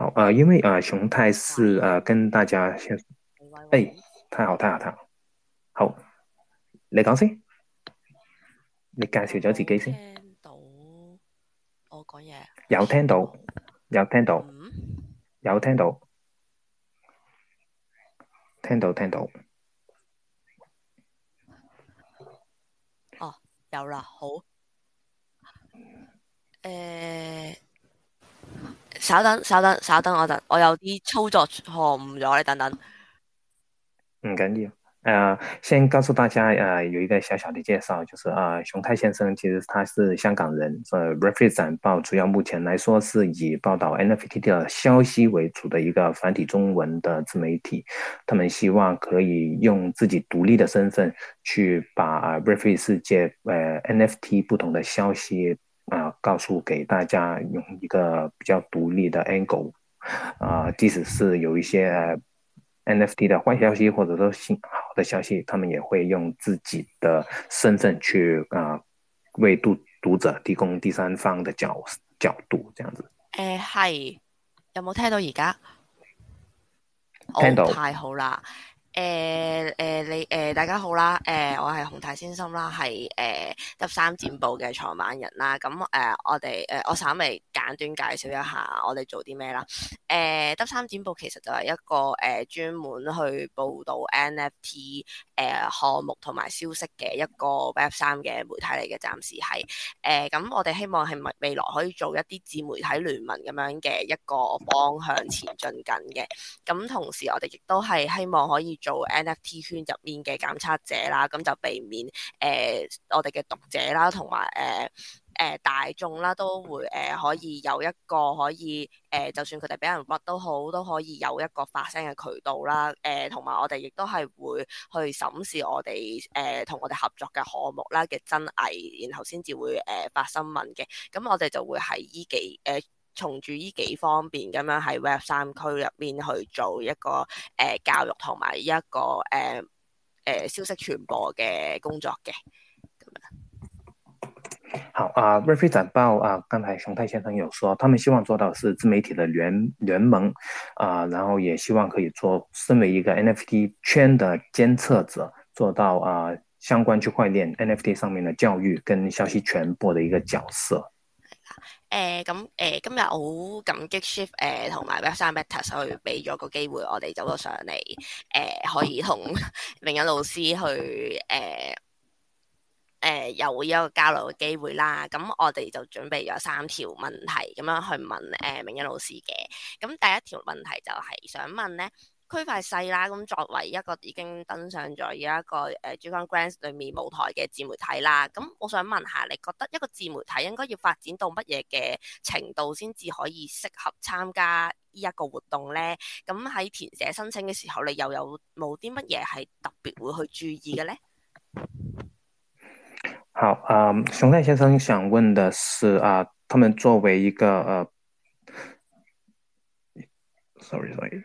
好，啊、呃，因為啊、呃，熊泰是啊，呃、哇跟大家先，誒，太、欸、好，太好，太好，好，你講先，你介紹咗自己先。聽到我講嘢？有聽到，聽到有聽到，嗯、有聽到，聽到，聽到。哦，有啦，好，誒。稍等，稍等，稍等，等，我就我有啲操作錯誤咗，你等等。唔緊要，誒、呃，先告訴大家，誒、呃，有一個小小的介紹，就是啊、呃，熊泰先生其實他是香港人，誒、呃、W3 展報主要目前來說是以報導 NFT 的消息為主的一個繁體中文的自媒體，他們希望可以用自己獨立的身份去把、呃、W3 世界誒、呃、NFT 不同的消息。告訴給大家用一個比較獨立的 angle，啊、呃，即使是有一些 NFT 的壞消息，或者說好的消息，他們也會用自己的身份去啊、呃，為讀讀者提供第三方的角角度，這樣子。誒，係有冇聽到而家？聽到、oh, 太好啦！誒誒你誒大家好啦，誒、欸、我係洪太先生啦，係誒 W3 展報嘅創辦人啦，咁誒、欸、我哋誒、欸、我稍微簡短介紹一下我哋做啲咩啦，誒、欸、W3 展報其實就係一個誒專、欸、門去報道 NFT 誒、欸、項目同埋消息嘅一個 Web 三嘅媒體嚟嘅，暫時係誒，咁我哋希望係未未來可以做一啲自媒體聯盟咁樣嘅一個方向前進緊嘅，咁同時我哋亦都係希望可以，做 NFT 圈入面嘅檢測者啦，咁就避免誒、呃、我哋嘅讀者啦，同埋誒誒大眾啦，都會誒、呃、可以有一個可以誒、呃，就算佢哋俾人屈都好，都可以有一個發聲嘅渠道啦。誒同埋我哋亦都係會去審視我哋誒同我哋合作嘅項目啦嘅真偽，然後先至會誒、呃、發新聞嘅。咁我哋就會喺依幾誒、呃同住依幾方便咁樣喺 Web 三區入邊去做一個誒、呃、教育同埋一個誒誒、呃呃、消息傳播嘅工作嘅。好啊，W3 展報啊，剛才熊泰先生有說，他們希望做到是自媒體的聯聯盟啊，然後也希望可以做，身為一個 NFT 圈的監測者，做到啊相關區塊鏈 NFT 上面的教育跟消息傳播的一個角色。誒咁誒，今日好感激 Shift 誒同、嗯、埋 Web3 Matters 去俾咗個機會，我哋走到上嚟誒、嗯，可以同明恩老師去誒誒、嗯嗯、有一個交流嘅機會啦。咁、嗯、我哋就準備咗三條問題咁樣去問誒、嗯、明恩老師嘅。咁、嗯、第一條問題就係、是、想問咧，區塊勢啦，咁作為一個已經登上咗呢一個誒、呃、Gitcoin Grants 裏面舞台嘅自媒體啦，咁我想問下，你覺得一個自媒體應該要發展到乜嘢嘅程度先至可以適合參加呢一個活動咧？咁喺填寫申請嘅時候，你又有冇啲乜嘢係特別會去注意嘅咧？好啊、呃，熊泰先生想問嘅係啊、呃，佢哋作為一個誒，sorry，sorry。呃 sorry, sorry.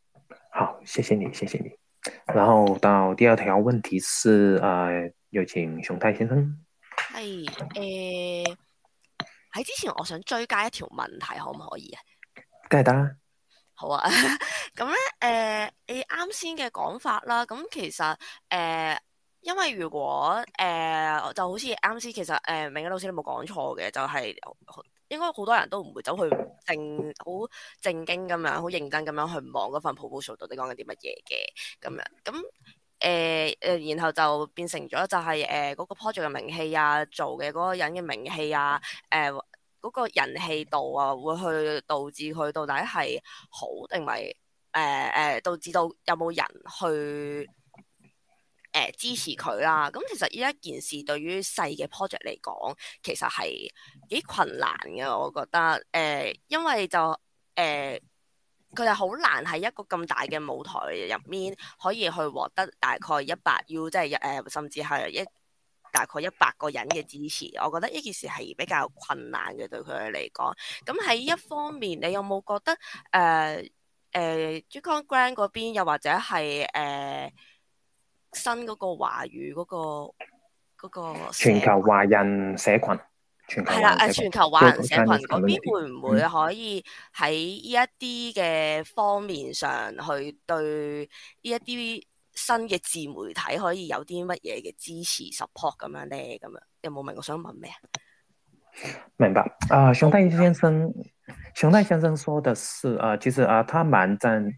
好，謝謝你，謝謝你。然後到第二條問題是，是、呃、有請熊泰先生。誒、哎，誒，喺之前我想追加一條問題，可唔可以啊？梗係得啦，好啊，咁 咧，誒、呃，你啱先嘅講法啦，咁其實誒、呃，因為如果誒、呃，就好似啱先，其實誒、呃，明哥老師你冇講錯嘅，就係、是。應該好多人都唔會走去正好正經咁樣，好認真咁樣去望嗰份瀑布 o 到底講緊啲乜嘢嘅咁樣。咁誒誒，然後就變成咗就係誒嗰個 project 嘅名氣啊，做嘅嗰個人嘅名氣啊，誒、呃、嗰、那個人氣度啊，會去導致佢到底係好定咪誒誒導致到有冇人去？誒、呃、支持佢啦，咁其實呢一件事對於細嘅 project 嚟講，其實係幾困難嘅，我覺得。誒、呃，因為就誒，佢哋好難喺一個咁大嘅舞台入面，可以去獲得大概一百，要即係誒，甚至係一大概一百個人嘅支持。我覺得呢件事係比較困難嘅，對佢嚟講。咁喺一方面，你有冇覺得誒誒 j Grand 嗰邊，又或者係誒？呃新嗰個華語嗰、嗰個、嗰個、全球華人社羣，係啦，誒，全球華人社群嗰邊、啊、會唔會可以喺呢一啲嘅方面上去對呢一啲新嘅自媒體可以有啲乜嘢嘅支持 support 咁樣咧？咁樣有冇明我想問咩啊？明白。啊、呃，熊黛先生，嗯、熊黛先生說嘅事，啊、呃，其實啊，他滿真。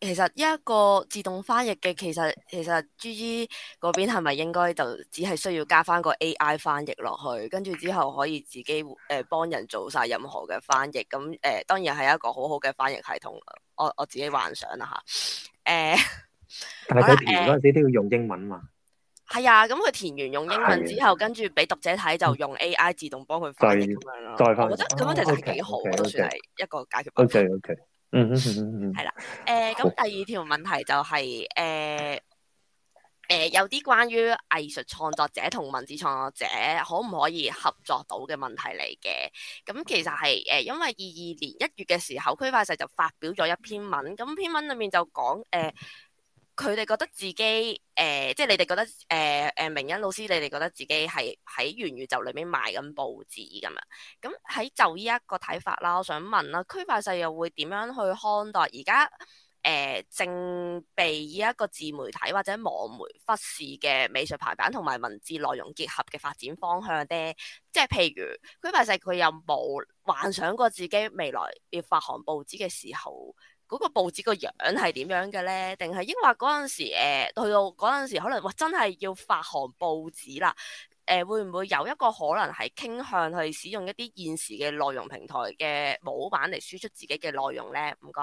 其實一個自動翻譯嘅，其實其實 GG 嗰邊係咪應該就只係需要加翻個 A I 翻譯落去，跟住之後可以自己誒、呃、幫人做晒任何嘅翻譯，咁、嗯、誒、呃、當然係一個好好嘅翻譯系統。我我自己幻想啦吓，誒、哎，但係佢填嗰陣、嗯、時都要用英文嘛？係啊，咁佢填完用英文之後，的跟住俾讀者睇就用 A I 自動幫佢翻譯咁樣咯。再再翻我覺得咁樣其實係幾好，啊、okay, okay, okay, 算係一個解決方案。Okay, okay. 嗯，係啦 誒、呃，咁第二條問題就係、是，誒、呃，誒、呃，有啲關於藝術創作者同文字創作者可唔可以合作到嘅問題嚟嘅，咁其實係，誒、呃，因為二二年一月嘅時候，區塊勢就發表咗一篇文，咁篇文裏面就講，誒、呃。佢哋覺得自己誒、呃，即係你哋覺得誒誒、呃，明恩老師，你哋覺得自己係喺元宇宙裏面賣緊報紙咁啊？咁喺就依一個睇法啦，我想問啦，區塊勢又會點樣去看待而家誒正被依一個自媒體或者網媒忽視嘅美術排版同埋文字內容結合嘅發展方向咧？即係譬如區塊勢佢有冇幻想過自己未來要發行報紙嘅時候？嗰個報紙個樣係點樣嘅咧？定係抑或嗰陣時，去、呃、到嗰陣時，可能哇真係要發行報紙啦。誒、呃、會唔會有一個可能係傾向去使用一啲現時嘅內容平台嘅模板嚟輸出自己嘅內容咧？唔該。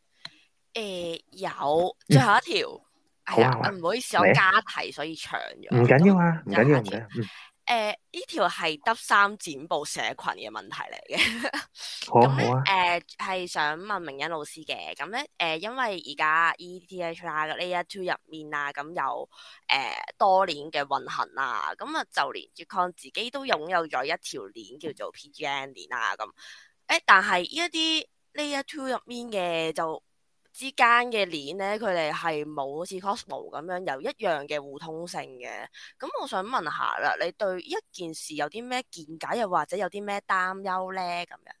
誒，有最後一條係啊，唔好意思，我加題所以長咗，唔緊要啊，唔緊要啊。誒，呢條係 W3 展報社群嘅問題嚟嘅。好啊，誒，係想問明恩老師嘅咁咧。誒，因為而家 ETH 啦，Layer Two 入面啊，咁有誒多年嘅運行啊，咁啊，就連 Gitcoin 自己都擁有咗一條鏈叫做 PGN 鏈啊，咁誒，但係呢一啲 Layer Two 入面嘅就之間嘅鏈咧，佢哋係冇好似 Cosmos 咁樣有一樣嘅互通性嘅。咁我想問下啦，你對一件事有啲咩見解，又或者有啲咩擔憂咧？咁樣。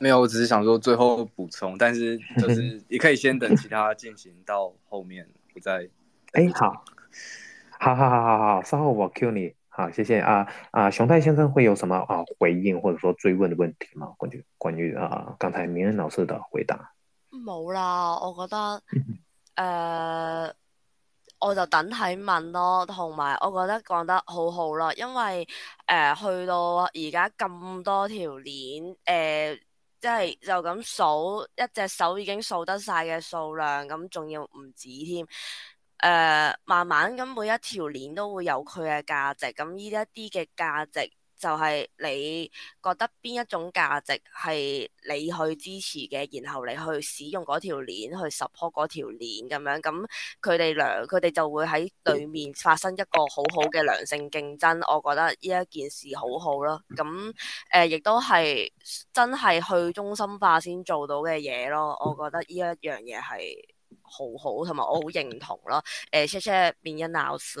沒有，我只是想說最後補充，但是就是你可以先等其他進行到後面， 不再。哎，好，好，好，好，好，好，稍後我 Q 你。好，謝謝啊啊，熊泰先生會有什麼啊回應或者說追問的問題嗎？關於關於啊剛才明恩老師的回答，冇啦，我覺得，誒、呃，我就等睇問咯，同埋我覺得講得好好啦，因為誒、呃、去到而家咁多條鏈，誒、呃。即係就咁數一隻手已經數得晒嘅數量，咁仲要唔止添。誒、呃，慢慢咁每一條鏈都會有佢嘅價值，咁呢一啲嘅價值。就係你覺得邊一種價值係你去支持嘅，然後你去使用嗰條鏈去 support 嗰條鏈咁樣，咁佢哋良佢哋就會喺對面發生一個好好嘅良性競爭，我覺得呢一件事好好咯。咁、嗯、誒、呃，亦都係真係去中心化先做到嘅嘢咯，我覺得呢一樣嘢係好好，同埋我好認同咯。誒、呃，謝謝邊欣老師。